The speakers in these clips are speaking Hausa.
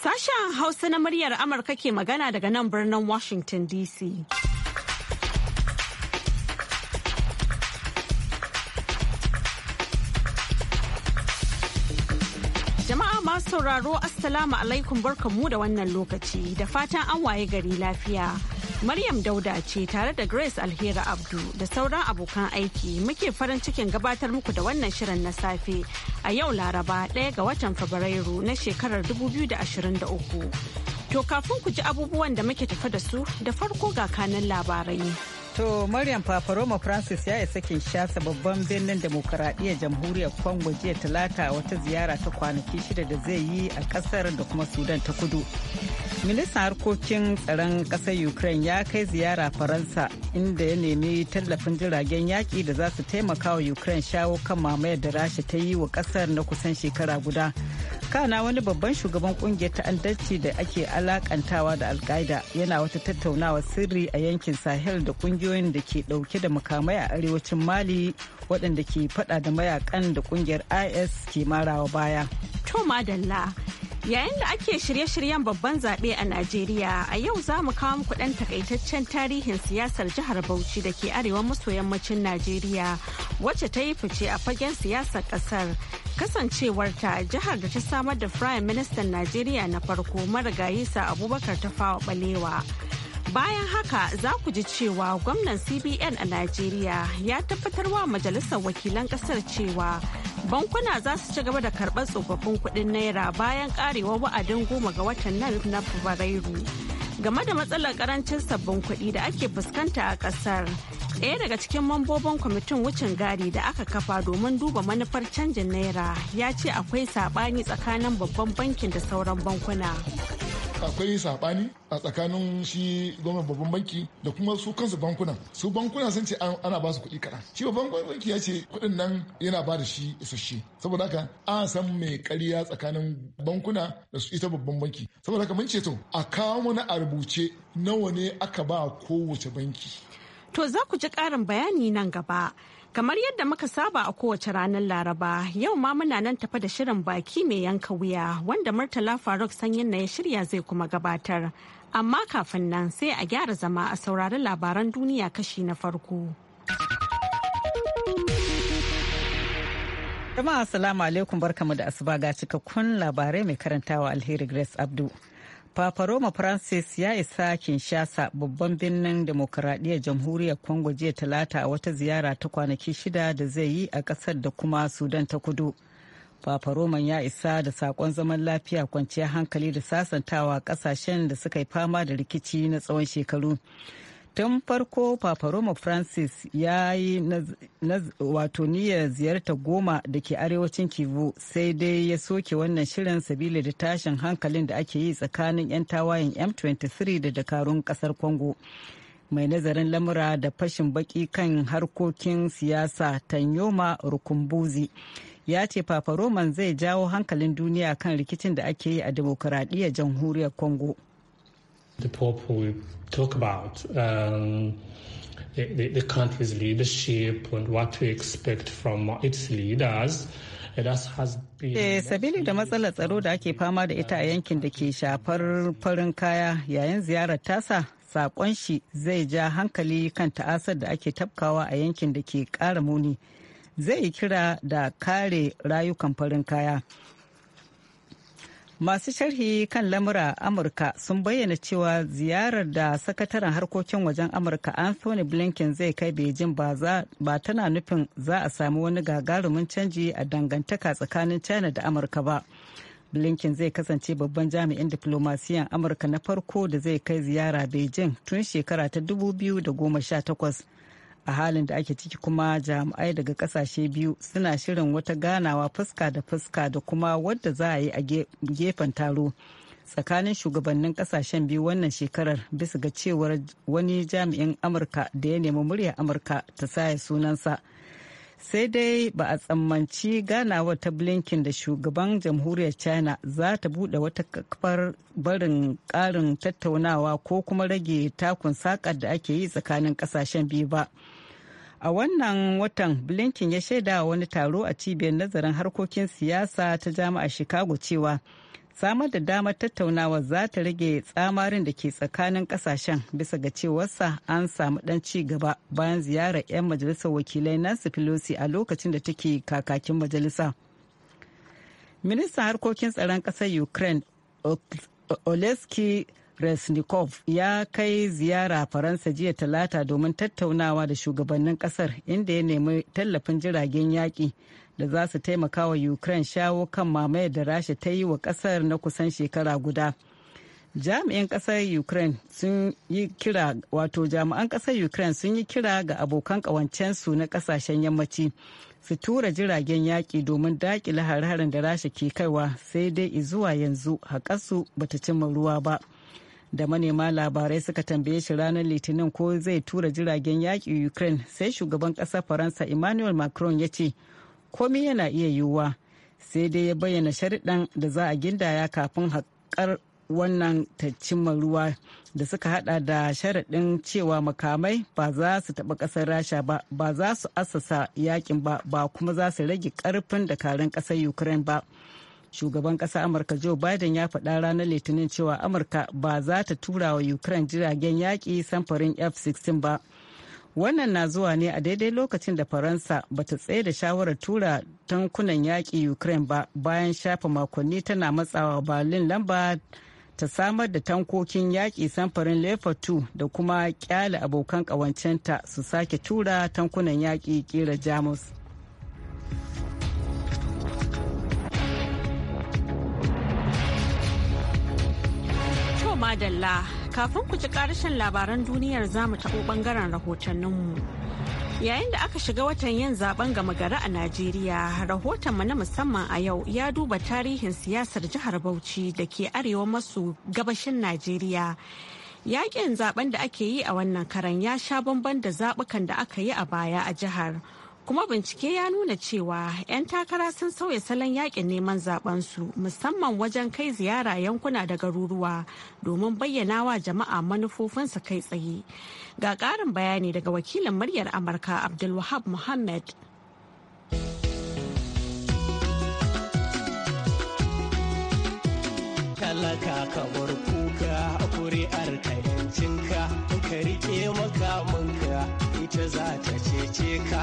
Sashen Hausa na muryar Amurka ke magana daga nan birnin Washington DC. Jama'a ma sauraro Assalamu alaikum barkamu da wannan lokaci da fatan an waye gari lafiya. Maryam Dauda ce tare da Grace Alheri Abdu da sauran abokan aiki muke farin cikin gabatar muku da wannan shirin na safe a yau Laraba ɗaya ga watan Fabrairu na shekarar 2023. To kafin ku ji abubuwan da muke tafa da su da farko ga kanan labarai. To Maryam Paparoma Francis ya isa shasa babban birnin demokuraɗiyyar jamhuriyar Congo jiya talata wata ziyara ta kwanaki shida da zai yi a kasar da kuma Sudan ta kudu. ministan harkokin tsaron ƙasar ukraine ya kai ziyara faransa inda ya nemi tallafin jiragen yaƙi da za su taimaka wa ukraine shawo kan mamayar da rasha ta yi wa ƙasar na kusan shekara guda kana wani babban shugaban kungiyar ta'addanci da ake alakantawa da alkaida yana wata tattaunawa sirri a yankin sahel da kungiyoyin da ke dauke da makamai a arewacin mali waɗanda ke fada da mayakan da kungiyar is ke marawa baya to madalla Yayin da ake shirye-shiryen babban zaɓe a Najeriya, a yau za mu kawo muku ɗan takaitaccen tarihin siyasar jihar Bauchi da ke arewa maso yammacin Najeriya, wacce ta yi fice a fagen siyasar ƙasar. Kasancewarta jihar da ta samar da Firayim Ministan Najeriya na farko marigayi sa Abubakar ta fawa Balewa. Bayan haka za ku ji cewa gwamnan CBN a Najeriya ya tabbatar wa majalisar wakilan kasar cewa bankuna za su ci gaba da karɓar tsofaffin kuɗin naira bayan ƙarewar wa'adin goma ga watan nan na Fabrairu. Game da matsalar ƙarancin sabbin kuɗi da ake fuskanta a ƙasar, ɗaya daga cikin mambobin kwamitin wucin gari da aka kafa domin duba manufar canjin naira ya ce akwai saɓani tsakanin babban bankin da sauran bankuna. akwai saɓani a tsakanin shi gwamnan babban banki da kuma su kansu bankunan su bankuna sun ce ana ba su kuɗi kaɗan shi babban banki ya ce kuɗin nan yana ba da shi isasshe saboda haka an san mai ƙarya tsakanin bankuna da su ita babban banki saboda haka mun ce to a kawo mana a rubuce nawa ne aka ba kowace banki to za ku ji ƙarin bayani nan gaba Kamar yadda muka saba a kowace ranar Laraba, yau ma muna nan tafa da shirin baki mai yanka wuya wanda Murtala Faruk sanyin na ya shirya zai kuma gabatar. Amma kafin nan sai a gyara zama a saurari labaran duniya kashi na farko. Jama'a salamu alaikum barkamu da asuba ga cikakkun labarai mai karantawa alheri Grace Abdu. Papa Roma Francis ya isa Kinshasa babban birnin demokuraɗiyyar jamhuriyar Congo jiya talata a wata ziyara ta kwanaki shida da zai yi a ƙasar da kuma Sudan ta kudu. Papa Roman ya isa da saƙon zaman lafiya kwanciyar hankali da sasantawa ƙasashen da suka yi fama da rikici na tsawon shekaru. tun farko paparoma francis ya yi wato niyyar ziyarta goma da ke arewacin kivu sai dai ya soke wannan shirin sabila da tashin hankalin da ake yi tsakanin 'yan tawayen m23 da dakarun kasar congo mai nazarin lamura da fashin baki kan harkokin siyasa tanyoma rukumbuzi ya ce paparoman zai jawo hankalin duniya kan rikicin da ake yi a demokuraɗiyyar jamhuriyar congo the Pope will talk about um, the, the, the, country's leadership and what we expect from its leaders. Eh, sabili da matsalar tsaro da ake fama da ita a yankin da ke shafar farin kaya yayin ziyarar tasa sakon shi zai ja hankali kan ta'asar da ake tafkawa a yankin da ke ƙara muni zai kira da kare rayukan farin kaya Masu sharhi kan lamura Amurka sun bayyana cewa ziyarar da sakataren harkokin wajen Amurka Anthony Blinken zai kai Beijing ba tana nufin za a sami wani gagarumin canji a dangantaka tsakanin China da Amurka ba. Blinken zai kasance babban jami'in diplomasiyan Amurka na farko da zai kai ziyara Beijing tun shekara ta 2018. a halin da ake ciki kuma jami'ai daga kasashe biyu suna shirin wata ganawa fuska da fuska da kuma wadda za a yi a gefen taro tsakanin shugabannin kasashen biyu wannan shekarar bisa ga cewar wani jami'in amurka da ya nemi murya amurka ta saya sunansa sai dai ba a tsammanci ganawar ta blinken da shugaban jamhuriyar china za ta bude wata kafar barin karin tattaunawa ko kuma rage takun sakar da ake yi tsakanin kasashen biyu ba. a wannan watan blinken ya shaida wani taro a cibiyar nazarin harkokin siyasa ta jami'ar chicago cewa samar da damar tattaunawa za ta rage tsamarin da ke tsakanin kasashen bisa ga cewarsa an samu dan ci gaba bayan ziyarar 'yan majalisar wakilai nancy pelosi a lokacin da take kakakin majalisa ministan harkokin tsaron ƙasar ukraine oleski Resnikov ya kai ziyara Faransa jiya talata domin tattaunawa da shugabannin kasar inda ya nemi tallafin jiragen yaƙi da za su taimaka wa Ukraine shawo kan mamayar da Rasha ta yi wa kasar na kusan shekara guda. Jami'an kasar Ukraine sun yi kira wato jami'an kasar Ukraine sun yi kira ga abokan ƙawancensu na kasashen yammaci su tura jiragen yaƙi domin daƙile har-harin da Rasha ke kaiwa sai dai izuwa yanzu haƙarsu bata cimma ruwa ba. da manema labarai suka tambaye shi ranar litinin ko zai tura jiragen yaƙi ukraine sai shugaban ƙasar faransa emmanuel macron ya ce komi yana iya yiwuwa sai dai ya bayyana sharidan da za a gindaya kafin haƙar wannan cimma ruwa da suka hada da sharaɗin cewa makamai ba za su taɓa ƙasar rasha ba ba za su assasa yakin ba ba kuma za su rage ƙarfin da karin ƙasar ukraine ba. shugaban ƙasa amurka joe biden ya faɗa ranar litinin cewa amurka ba za ta tura wa ukraine jiragen yaƙi samfurin f-16 ba wannan na zuwa ne a daidai lokacin da faransa ba ta tsaye da shawarar tura tankunan yaƙi ukraine ba bayan shafa makonni tana matsawa berlin lamba ta samar da tankokin yaƙi samfurin leopard 2 da kuma kyale abokan ƙawancenta su sake tura tankunan yaƙi ƙera jamus madalla kafin ku ci karshen labaran duniyar zamu taɓo ɓangaren rahotanninmu. Yayin da aka shiga watan yin zaben gama gari a Najeriya, rahotonmu na musamman a yau ya duba tarihin siyasar jihar Bauchi da ke arewa maso gabashin Najeriya. Yaƙin zaben da ake yi a wannan karan ya sha bamban da zaɓukan da aka yi a baya a jihar. kuma bincike ya nuna cewa 'yan takara sun sauya salon yakin neman su musamman wajen kai ziyara yankuna da garuruwa domin bayyana wa jama'a manufofinsu kai tsaye ga ƙarin bayani daga wakilin muryar amurka abdulwahab muhammad talaka ka bar kuri'ar ka yancinka ka makamanka ita za ta cece ka.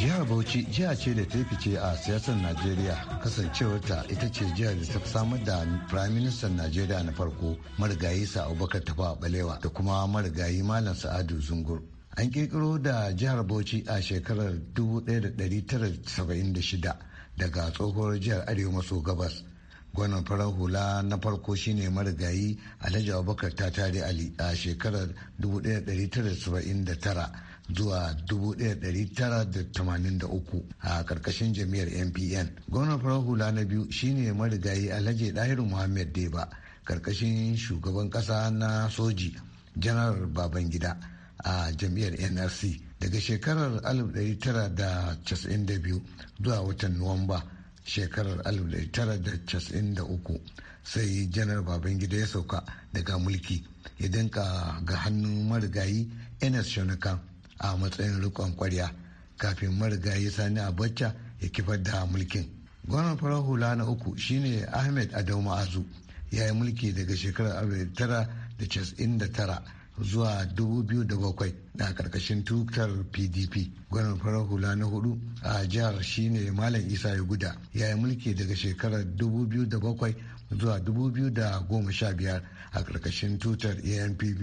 Jihar Bauchi jiha ce da ta fice a siyasar Najeriya kasancewarta ita ce jihar da ta samar da Prime Minister Najeriya na farko marigayi sa Abubakar Tafa Balewa da kuma marigayi Malam Sa'adu Zungur. An ƙirƙiro da jihar Bauchi a shekarar 1976 daga tsohuwar jihar Arewa maso gabas gwanon farar hula na farko shine marigayi alhaji abubakar Tare ali a shekarar 1979 zuwa 1983 a karkashin jami'ar mpn gwamnan farar hula na biyu shine marigayi alhaji dahiru muhammad deba karkashin shugaban kasa na soji janar babangida a jami'ar nrc daga shekarar 1992 zuwa watan nuwamba shekarar 1993 sai janar babangida ya sauka daga mulki ya dinka ga hannun marigayi enes shonuka a matsayin rikon kwarya kafin marigayi sani abacha ya kifar da mulkin gwamnan farar hula na uku shine ahmed adau ma'azu ya yi mulki daga shekarar 1999 zuwa 2007 na karkashin tutar pdp gwanar farar hula na hudu a jihar shine malam isa ya guda ya yi mulki daga shekarar 2007 zuwa 2015 a karkashin tutar ampb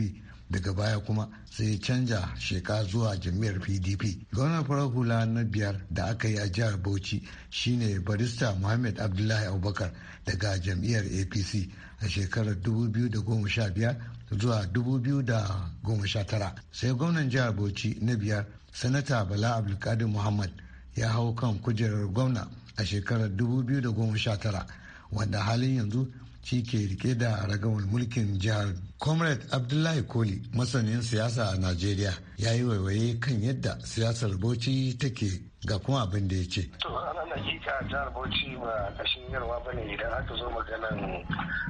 daga baya kuma sai canja sheka zuwa jami'ar pdp gwamnan farar hula na biyar da aka yi a jihar bauchi shine barista muhammad abdullahi abubakar daga jam'iyyar apc a shekarar 2015 zuwa 2019 sai gwamnan jihar bauchi na biyar sanata bala abdulkadir muhammad ya hau kan kujerar gwamna a shekarar 2019 wanda halin yanzu shi ke rike da ragawar mulkin jihar comrade abdullahi koli masanin siyasa a najeriya ya yi waiwaye kan yadda siyasar bauchi take ga kuma abin da ya ce hakika jihar bauchi ba kashin yarwa ba ne idan aka zo maganan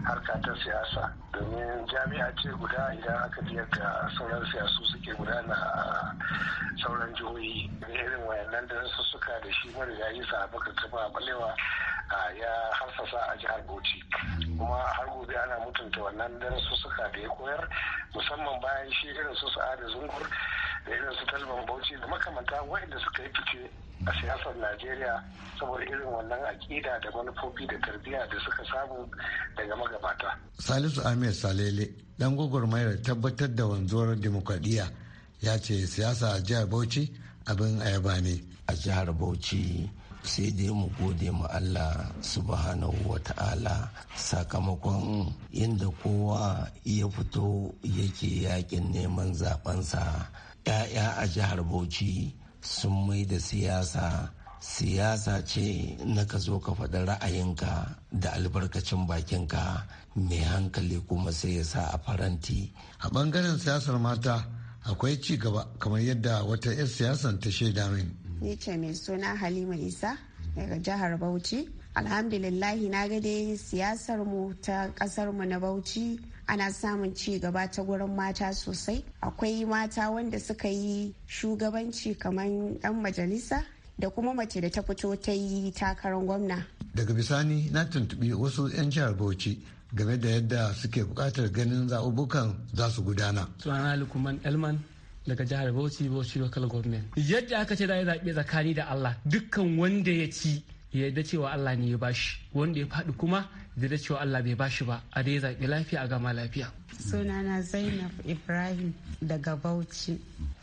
harka ta siyasa domin jami'a ce guda idan aka biya ga sauran siyasu suke gudana a sauran jihohi da irin wayannan da su suka da shi marigayi sabaka taba balewa ya harsasa a jihar bauchi kuma har gobe ana mutunta wannan su suka da ya koyar musamman bayan shi irin su sa'ada zungur da irin su talban bauchi da makamanta wayanda suka yi fice a siyasar najeriya saboda irin wannan aƙida da manufofi da tarbiyya da suka samu daga magabata salisu ahmed salele ɗan gwagwarmayar tabbatar da wanzuwar demokradiyya ya ce siyasa a jihar bauchi abin ayaba ne a jihar bauchi sai dai mu gode ma Allah subhanahu wa ta'ala sakamakon inda kowa ya fito yake yakin neman zabensa 'ya'ya a jihar bauchi sun mai da siyasa siyasa ce na ka zo ka faɗi ra'ayinka da albarkacin bakinka mai hankali kuma sai ya sa a faranti. A ɓangaren siyasar mata akwai ci gaba kamar yadda wata 'yar siyasan ta shaida min. Ni ce mai suna Halima Isa daga jihar Bauchi. Alhamdulillahi na gade siyasar mu ta ƙasar mu na Bauchi ana samun ci gaba ta gurin mata sosai akwai mata wanda suka yi shugabanci kamar 'yan majalisa da kuma mace da ta fito ta yi takarar gwamna daga bisani na tuntubi wasu 'yan jihar bauchi game da yadda suke bukatar ganin zaɓuɓɓukan za su gudana sunana lukuman elman daga jihar bauchi bauchi local government yadda aka ce za zaɓe tsakani da allah dukkan wanda ya ci ya yarda cewa allah ne ya bashi wanda ya faɗi kuma da da cewa Allah bai bashi ba a dai zaɓi lafiya a gama lafiya. Sunana Zainab Ibrahim daga Bauchi.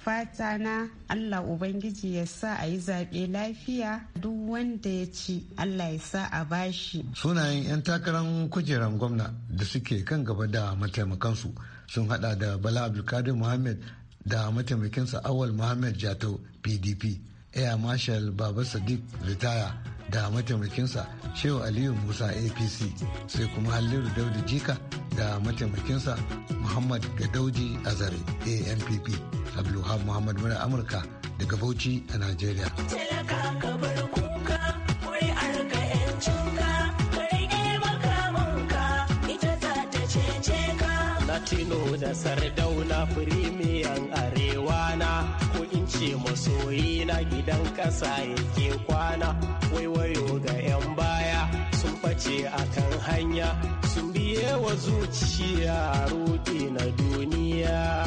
Fata na Allah Ubangiji ya sa a yi zaɓe lafiya duk wanda ya ci Allah ya sa a bashi. Sunayen 'yan takarar kujeran gwamna da suke kan gaba da mataimakansu sun hada da Bala Abdulkadir Muhammad da mataimakinsa Awal Muhammad Jatau PDP. air marshal baba sadiq ritaya da mataimakinsa shehu aliyu musa apc sai kuma halliru daudi jika da mataimakinsa muhammad gadauji azare ampp abdulhab muhammad mura amurka daga bauchi a nigeria Latino da Sardauna firimiyan na. ce masoyi na gidan ƙasa yake kwana waiwayo ga 'yan baya sun face kan hanya sun biye wa zuciya roƙi na duniya.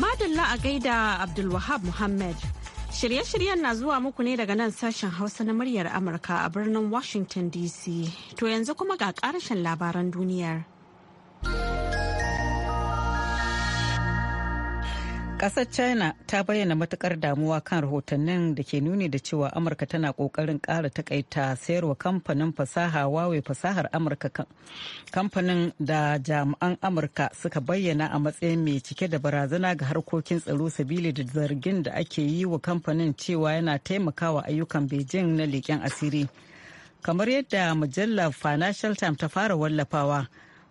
Madalla a gaida Abdulwahab Muhammad. Shirye-shiryen na zuwa muku ne daga nan sashen Hausa na muryar Amurka a birnin Washington DC. To yanzu kuma ga ƙarashin labaran duniyar. kasar China ta bayyana matukar damuwa kan rahotannin da ke nuni da cewa Amurka tana kokarin kara takaita sayarwa kamfanin fasaha wawe fasahar Amurka kamfanin da jami'an Amurka suka bayyana a matsayin mai cike da barazana ga harkokin tsaro sabili da zargin da ake yi wa kamfanin cewa yana taimakawa ayyukan Beijing na leƙen asiri. Kamar yadda mujallar Financial Times ta fara wallafawa.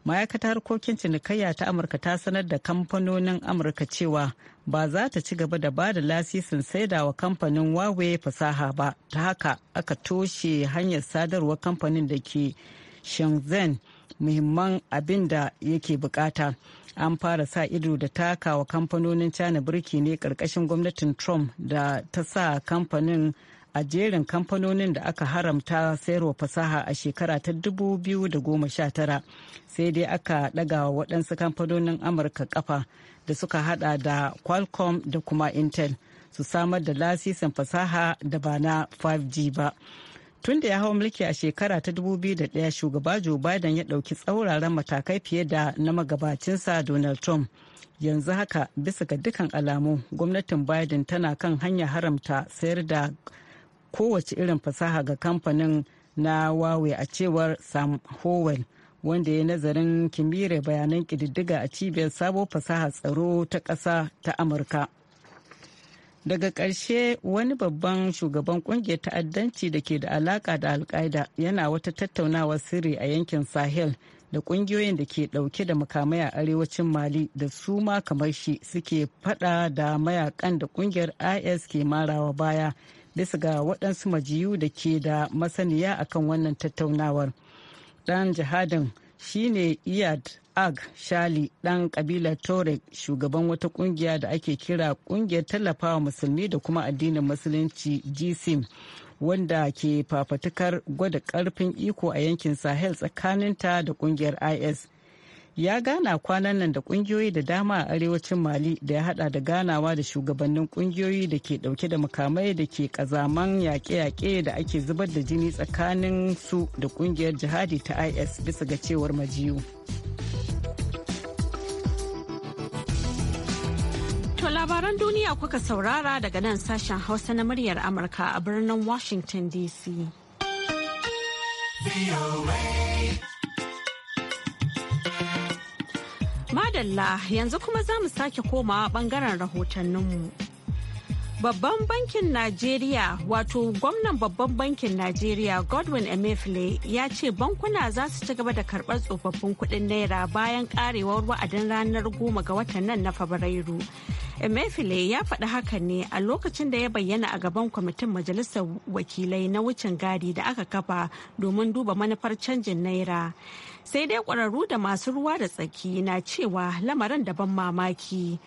ma'aikatar harkokin cinikayya ta amurka ta sanar da kamfanonin amurka cewa ba za ta ci gaba da ba da lasisin saidawa kamfanin Huawei fasaha ba ta haka aka toshe hanyar sadarwar kamfanin da ke Shenzhen muhimman abin da yake bukata. An fara sa ido da takawa kamfanonin China birki ne karkashin gwamnatin Trump da ta sa kamfanin a jerin kamfanonin da aka haramta sayarwa fasaha a shekara ta 2019 sai dai aka ɗagawa waɗansu kamfanonin amurka kafa da suka hada da qualcomm da kuma intel su samar da lasisin fasaha da ba na 5g ba tun da ya hau mulki a shekara ta 2001 shugaba joe biden ya dauki tsauraran matakai fiye da na magabacinsa donald trump yanzu haka bisa ga dukkan alamu gwamnatin biden tana kan hanya haramta sayar da kowace irin fasaha ga kamfanin na huawei a cewar sam howell wanda ya nazarin kimiyyar bayanan kididdiga a cibiyar sabon fasaha tsaro ta ƙasa ta amurka daga ƙarshe wani babban shugaban ƙungiyar ta'addanci da ke da alaƙa da alƙaida yana wata tattaunawa sirri a yankin sahel da ƙungiyoyin da ke ɗauke da makamai a arewacin mali da su ma kamar shi suke faɗa da mayakan da ƙungiyar is ke marawa baya bisa ga waɗansu majiyu da ke da masaniya akan wannan tattaunawar. dan jihadin shine iyad ag shali dan kabilar torek shugaban wata kungiya da ake kira kungiyar tallafawa musulmi da kuma addinin musulunci gsim wanda ke fafatukar gwada karfin iko a yankin sahel tsakaninta da kungiyar is ya gana kwanan nan da kungiyoyi da dama a arewacin mali da ya hada da ganawa da shugabannin kungiyoyi da ke dauke da makamai da ke kazaman yaƙe-yaƙe da ake zubar da jini tsakanin su da kungiyar jihadi ta is bisa ga cewar majiyu to labaran duniya kuka saurara daga nan sashen hausa na muryar amurka a birnin washington dc Madalla yanzu kuma za mu sake komawa bangaren rahotanninmu. Babban bankin Najeriya wato gwamnan babban bankin Najeriya Godwin Emefiele ya ce bankuna za su ci gaba da karɓar tsofaffin kuɗin naira bayan ƙarewar wa'adin ranar goma ga watan nan na Fabrairu. Emefiele ya faɗi haka ne a lokacin da ya bayyana a gaban kwamitin majalisar wakilai na wucin gadi da aka kafa domin duba manufar canjin naira. sai dai ƙwararru da masu ruwa da tsaki na cewa lamarin da ban mamaki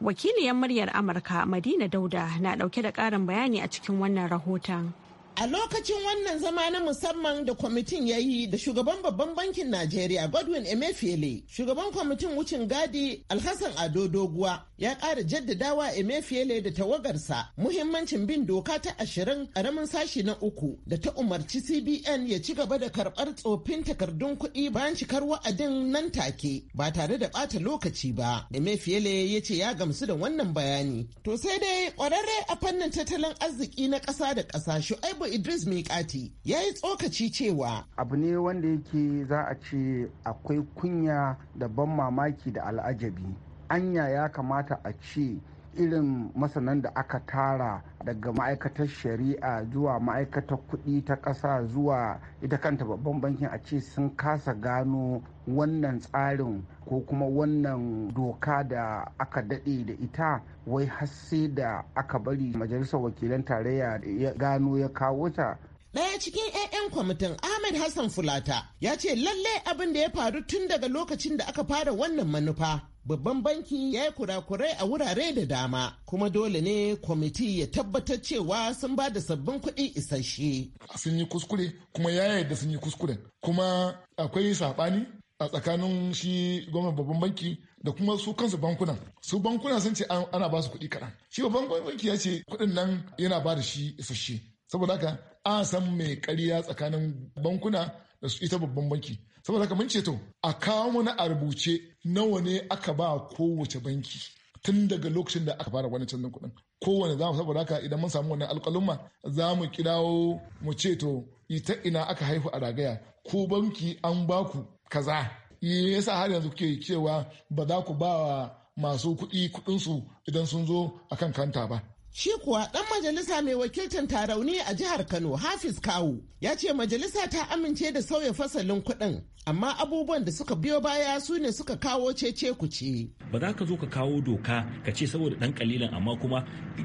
wakiliyar muryar amurka madina dauda na ɗauke da ƙarin bayani a cikin wannan rahoton A lokacin wannan zama na musamman da kwamitin ya yi da shugaban babban bankin Najeriya Godwin Emefiele, shugaban kwamitin wucin gadi Alhassan Ado Doguwa ya ƙara jaddadawa Emefiele da tawagarsa muhimmancin bin doka ta ashirin ƙaramin sashi na uku da ta umarci CBN ya ci gaba da karɓar tsofin takardun kuɗi bayan cikar wa'adin nan take ba tare da ɓata lokaci ba. Emefiele ya ce ya gamsu da wannan bayani. To sai dai ƙwararre a fannin tattalin arziki na ƙasa da ƙasa Shu'aibu Shehu Idris Mekati ya yi tsokaci cewa. Abu ne wanda yake za a ce akwai kunya da ban mamaki da al'ajabi. Anya ya kamata a ce irin masanan da aka tara daga ma'aikatar shari'a zuwa ma'aikatar kuɗi ta ƙasa zuwa ita kanta babban bankin a ce sun kasa gano wannan tsarin ko kuma wannan doka da aka daɗe da ita wai har sai da aka bari majalisar wakilan tarayya ya gano ya kawo ta Ɗaya cikin 'ya'yan kwamitin Ahmed Hassan Fulata ya ce lalle abin da ya faru tun daga lokacin da aka fara wannan manufa. Babban banki ya yi kurakurai a wurare da dama, kuma dole ne kwamiti ya tabbatar cewa sun ba da sabbin kuɗi isasshe. Sun yi kuskure, kuma ya yarda sun yi kuskure Kuma akwai saɓani a tsakanin shi gwamnan babban banki da kuma su kansu bankunan su bankuna sun ce ana ba su kuɗi kaɗan shi babban banki ya ce kuɗin nan yana ba da shi isasshe saboda haka an san mai karya tsakanin bankuna da su ita babban banki saboda haka mun ce to a kawo mana a rubuce nawa ne aka ba kowace banki tun daga lokacin da aka fara wani canjin kuɗin kowane za mu saboda haka idan mun samu wannan alƙalumma za mu kirawo mu ce to ita ina aka haihu a ragaya ko banki an ba ku kaza yasa har yanzu kuke cewa ba za ku ba wa masu kuɗi kuɗinsu idan sun zo akan kanta ba Shi kuwa ɗan majalisa mai wakiltar tarauni a jihar Kano Hafiz Kawu ya ce majalisa ta amince da sauya fasalin kuɗin amma abubuwan da suka biyo baya su ne suka kawo cece kuce. Ba za ka zo ka kawo doka ka ce saboda ɗan kalilan amma kuma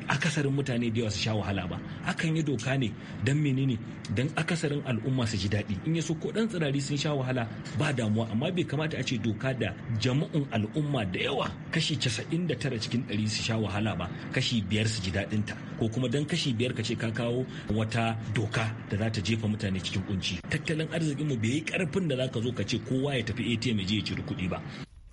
akasarin mutane da yawa su sha wahala ba. Akan yi doka ne don menene don akasarin al'umma su ji daɗi. In ya so ko ɗan tsirari sun sha wahala ba damuwa amma bai kamata a ce doka da jama'un al'umma da yawa kashi casa'in da tara cikin ɗari su sha wahala ba kashi biyar su ji daɗin ta ko kuma don kashi biyar ka ce ka kawo wata doka da za ta jefa mutane cikin kunci. Tattalin arzikinmu bai yi ƙarfin da za ka zo ka ce kowa ya tafi atm ya je ya ciro kuɗi ba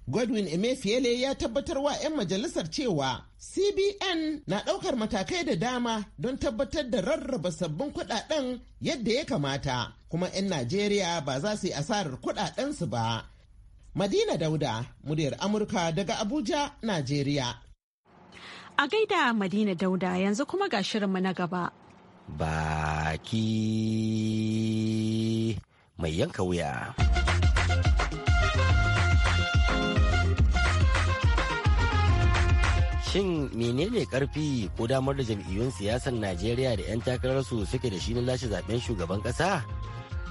Godwin Emefiele ya tabbatar wa 'yan majalisar cewa CBN na ɗaukar matakai da dama don tabbatar da rarraba sabbin kuɗaɗen yadda ya kamata, kuma 'yan Najeriya ba za su yi asarar kuɗaɗensu ba. Madina Dauda, muryar Amurka daga Abuja, Najeriya. A gaida Madina Dauda yanzu kuma ga shirinmu na gaba. Baki mai yanka wuya. Shin menene karfi ko damar da jam'iyyun siyasar Najeriya da 'yan takararsu suke da shi na lashe zaben shugaban ƙasa?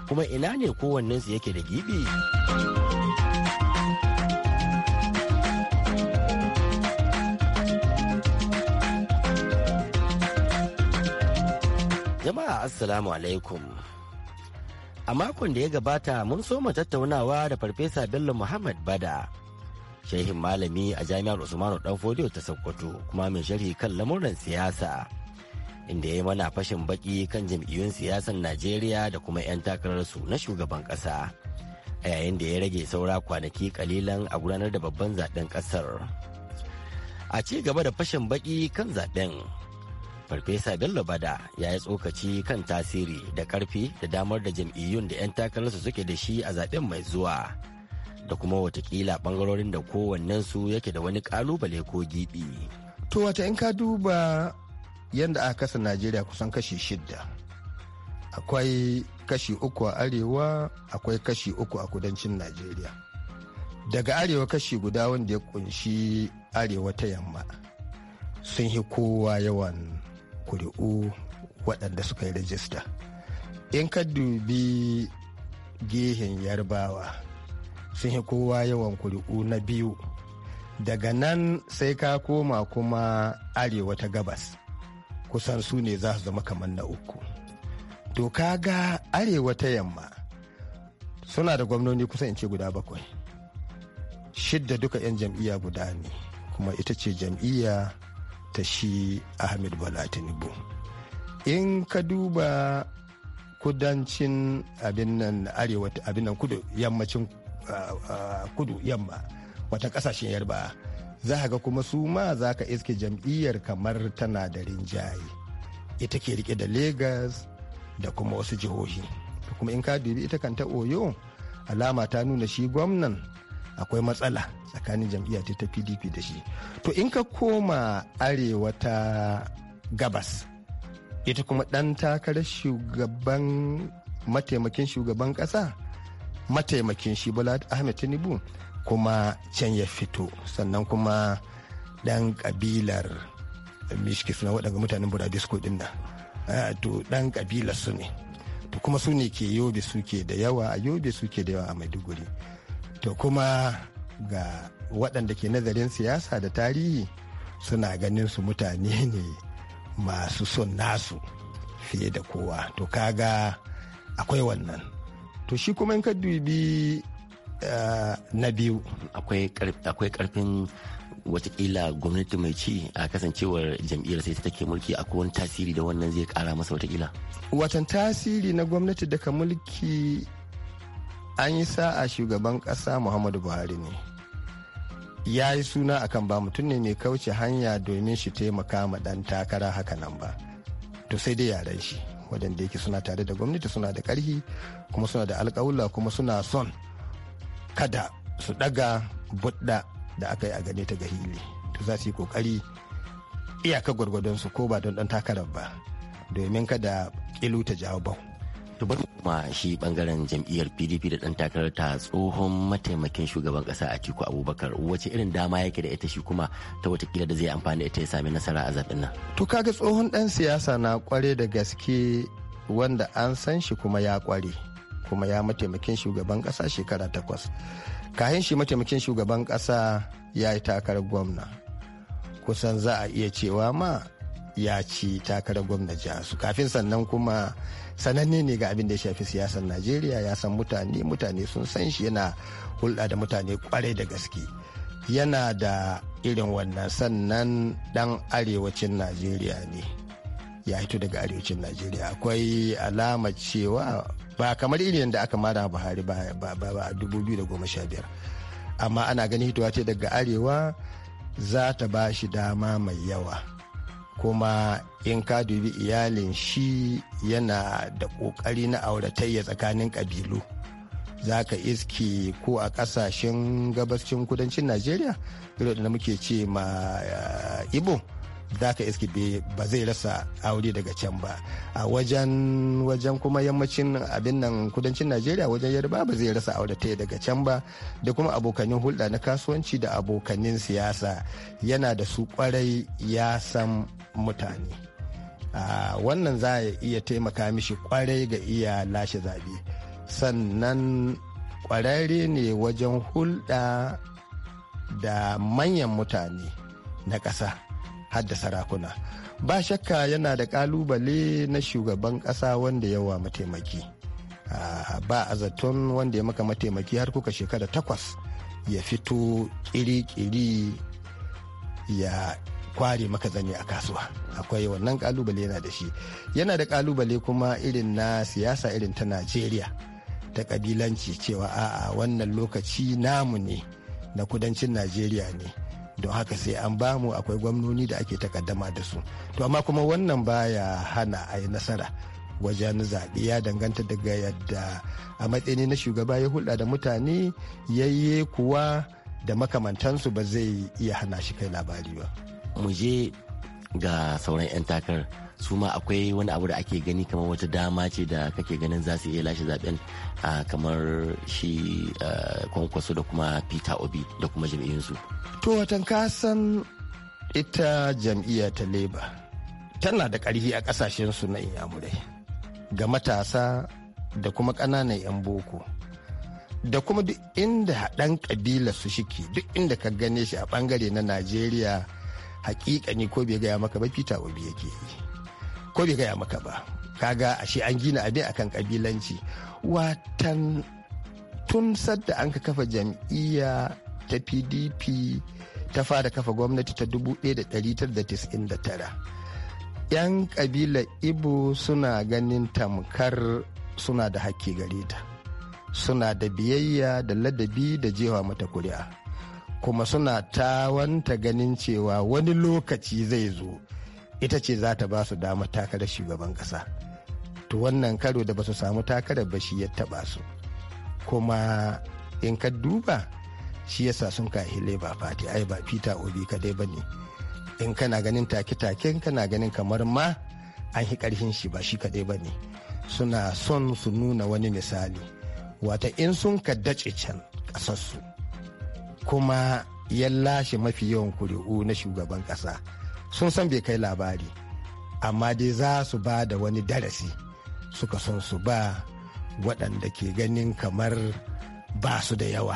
Kuma ina ne kowannensu yake da gibi? Jama'a Assalamu alaikum. A makon da ya gabata mun soma tattaunawa da Farfesa Bello Muhammad Bada, shehin malami a jami'ar Usmanu Danfodiyo ta Sokoto kuma mai sharhi kan lamuran siyasa. Inda ya yi mana fashin baki kan jam'iyyun siyasar Najeriya da kuma 'yan takararsu na shugaban kasa. A yayin da ya rage saura kwanaki kalilan a gudanar da babban zaben kasar. A ci gaba da fashin baki kan zaben. farfesa bello bada ya yi tsokaci kan tasiri da karfi da damar da jam'iyyun da 'yan takararsu suke da shi a zaɓen mai zuwa da kuma watakila bangarorin da kowannensu yake da wani kalubale ko gibi to wata in ka duba yadda aka kasa najeriya kusan kashi shidda akwai kashi uku a arewa akwai kashi uku a kudancin najeriya daga arewa kashi guda wanda ya kunshi arewa ta yamma sun yi kowa yawan kuri'u waɗanda suka yi rajista in ka dubi gehen yarbawa sun yi kowa yawan kuri'u na biyu daga nan sai ka koma kuma arewa ta gabas kusan su ne za su zama kamar na uku to kaga arewa ta yamma suna da gwamnoni kusan in ce guda bakwai shidda duka 'yan jam'iyya guda ne kuma ita ce jam'iyya ta shi ahmed bala tinubu in ka duba kudancin abin nan arewa abin nan kudu yammacin kudu yamma wata kasashen yarba za ka ga kuma su ma za ka iske jam'iyyar kamar tana da rinjaye ita ke rike da lagos da kuma wasu jihohi kuma in ka dubi ita kanta oyo alama ta nuna shi gwamnan akwai matsala tsakanin jam'iyya ta pdp da shi to in ka koma arewa ta gabas ita kuma dan takarar shugaban mataimakin shugaban kasa mataimakin shi bala ahmed tinubu kuma can ya fito sannan kuma dan ƙabilar mishki suna waɗanda mutanen burabisko ɗin nan eh, to dan kabilar su ne to kuma su ne ke yobe suke da yawa a yobe suke da yawa a maiduguri to kuma ga waɗanda ke nazarin siyasa da tarihi suna ganin su mutane ne masu son nasu fiye da kowa to kaga akwai wannan to shi kuma in ka dubi eh, na biyu akwai karfin watakila gwamnati mai ci a kasancewar jam'iyyar sai take mulki akwai wani tasiri da wannan zai kara masa watakila watan tasiri na gwamnati daga mulki an yi sa'a shugaban ƙasa muhammadu buhari ne ya yi suna akan ba mutum ne mai kauce hanya domin shi taimaka ma ɗan takara haka nan ba to sai dai yaren shi waɗanda yake suna tare da gwamnati suna da ƙarfi kuma suna da alƙawula kuma suna son kada su ɗaga buɗa da aka yi a gane ta ga hili to za su yi ƙoƙari iyaka su ko ba don ɗan takarar ba domin kada ilu ta jawo bau Tubar kuma shi bangaren jam'iyyar PDP da dan takarar ta tsohon mataimakin shugaban kasa a Tiku Abubakar wace irin dama yake da ita shi kuma ta watakila da zai amfani ita ya sami nasara a zaben nan. To kaga tsohon dan siyasa na kware da gaske wanda an san shi kuma ya kware kuma ya mataimakin shugaban kasa shekara takwas. kayan shi mataimakin shugaban kasa ya yi takarar gwamna. Kusan za a iya cewa ma ya ci takarar gwamnati jihar kafin sannan kuma sananne ne ga abin da ya shafi siyasar najeriya ya san mutane mutane sun san shi yana hulɗa da mutane kwarai da gaske yana da irin wannan sannan dan arewacin najeriya ne ya hito daga arewacin najeriya akwai alama cewa ba kamar irin da aka mara buhari ba a biyar amma ana ganin hitowa ce daga arewa za ta ba shi dama mai yawa kuma in ka dubi iyalin shi yana da ƙoƙari na auratayya tsakanin ƙabilu za ka iski ko a ƙasashen gabashin kudancin najeriya irin da muke ce ma eh, ibo za ka ba zai rasa aure daga can ba a wajen wajen kuma yammacin abin nan kudancin najeriya wajen yarba ba zai rasa aure ta daga can ba da kuma abokanin hulɗa na kasuwanci da abokanin siyasa yana da su kwarai ya san mutane wannan za a iya taimaka mishi kwarai ga iya lashe zaɓe sannan kwararre ne wajen hulɗa da manyan mutane na ƙasa hadda sarakuna ba shakka yana da kalubale na shugaban kasa wanda yawa mataimaki ah, ba a zaton wanda ya maka mataimaki har kuka shekara takwas ya fito kiri-kiri ya kware maka zane a kasuwa akwai wannan kalubale yana da shi yana da kalubale kuma irin na siyasa irin ta najeriya ta kabilanci cewa a'a wannan lokaci namu ne na kudancin najeriya ne don haka sai an bamu akwai gwamnoni da ake takaddama da su to amma kuma wannan baya hana a yi nasara wajen zaɓe ya danganta daga yadda a matsayi na shugaba ya hulɗa da mutane yayye kuwa da makamantansu ba zai iya hana shi kai labari ba mu je ga sauran 'yan takarar su ma akwai wani abu da ake gani kamar wata dama ce da kake ganin za su iya lashe zaben kamar shi kwankwaso da kuma peter obi da kuma jam'iyyunsu to watan kasan ita jam'iyya ta labour tana da ƙarfi a kasashensu na inyamurai ga matasa da kuma ƙananan 'yan boko da kuma duk inda haɗan ƙabila su shiki duk inda ka gane shi a ɓangare na najeriya ne ko bai gaya maka ba peter obi yake yi ko bai gaya maka ba kaga ashe an gina abin akan kabilanci watan tun sadda an ka kafa jam'iyya ta pdp ta fara kafa gwamnati ta 1999 'yan kabila ibo suna ganin tamkar suna da hakki gare ta suna da biyayya da ladabi da jewa mata kuri'a kuma suna tawanta ganin cewa wani lokaci zai zo ita ce za ta ba su damar takarar shugaban kasa to wannan karo da ba su samu takarar ba shi ya taɓa su kuma in ka duba shi ya sa sun kahi ba fati ai ba peter obi kadai ba ne in kana ganin take take kana ganin kamar ma an yi karfin shi ba shi kadai ba ne suna son su nuna wani misali wata in sun ka dace can kasarsu kuma ya lashe mafi yawan kuri'u na shugaban kasa. sun san bai kai labari amma dai za su ba da wani darasi suka son su ba waɗanda ke ganin kamar ba su da yawa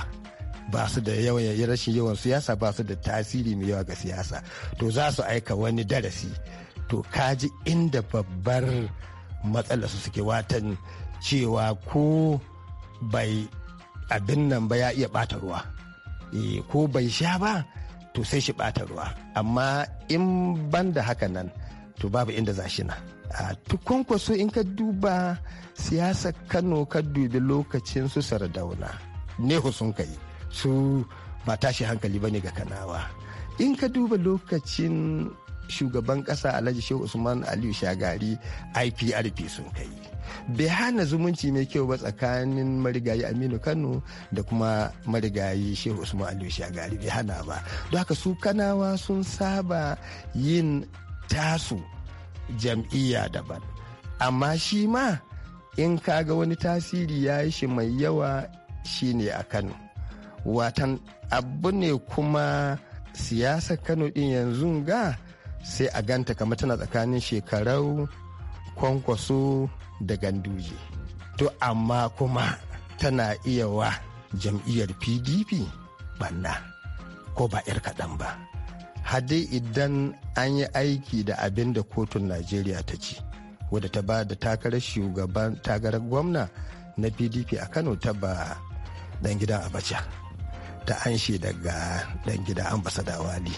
ba su da yawan rashin yawan siyasa ba su da tasiri mai yawa ga siyasa to za su aika wani darasi to ka ji inda babbar matsala su suke watan cewa ko bai abin nan ba ya iya ɓata ruwa eh, ko bai sha ba to sai shi ɓata ruwa amma in ban da haka nan to babu inda za shi na a tukwankwaso in ka duba siyasa kano ka dubi lokacin su sardauna nehu sun kai su ba tashi hankali ba ne ga kanawa in ka duba lokacin shugaban kasa alhaji shehu usman aliyu shagari iprp sun kai bai hana zumunci mai kyau ba tsakanin marigayi aminu kano da kuma marigayi shehu usman aliyu shagari bai hana ba don haka su kanawa sun saba yin tasu jam'iyya daban amma shi ma in ka ga wani tasiri ya yi shi mai yawa shine a kano watan abu ne kuma siyasar kano din yanzu ga sai a ganta kamar tana tsakanin shekarau kwankwaso da ganduje to amma kuma tana iya wa jam'iyyar pdp banna ko ba 'yar kaɗan ba hade idan an yi aiki da abin da kotun najeriya ta ci wadda ta ba da takarar shugaban tagarar gwamna na pdp a kano ta ba dan gidan abacha ta anshe daga dan gidan ambasada wali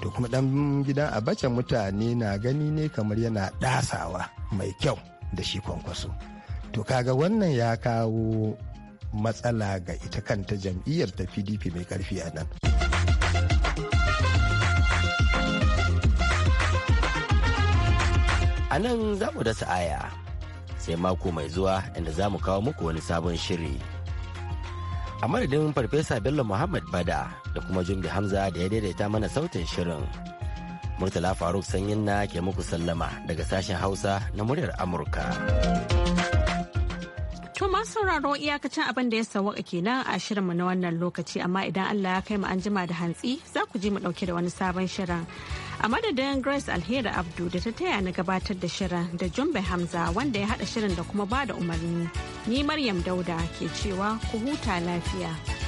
to kuma dan gidan abacha mutane na gani ne kamar yana dasawa mai kyau da shi kwankwaso to kaga wannan ya kawo matsala ga ita kanta jam'iyyar ta pdp mai karfi a nan a nan za mu dasa aya sai mako mai zuwa inda za mu kawo muku wani sabon shiri a madadin farfesa bello muhammad bada da kuma jumbi hamza da ya daidaita mana sautin shirin Murtala Faruk Sanyin na ke muku sallama daga sashen Hausa na muryar Amurka. To masu sauraro iyakacin abin da ya sawaka kenan a shirinmu na wannan lokaci amma idan Allah ya kai mu an jima da hantsi za ku ji mu dauke da wani sabon shirin. A madadin Grace Alheri Abdu da ta taya na gabatar da shirin da Jumbe Hamza wanda ya hada shirin da kuma ba da umarni. Ni Maryam Dauda ke cewa ku huta lafiya.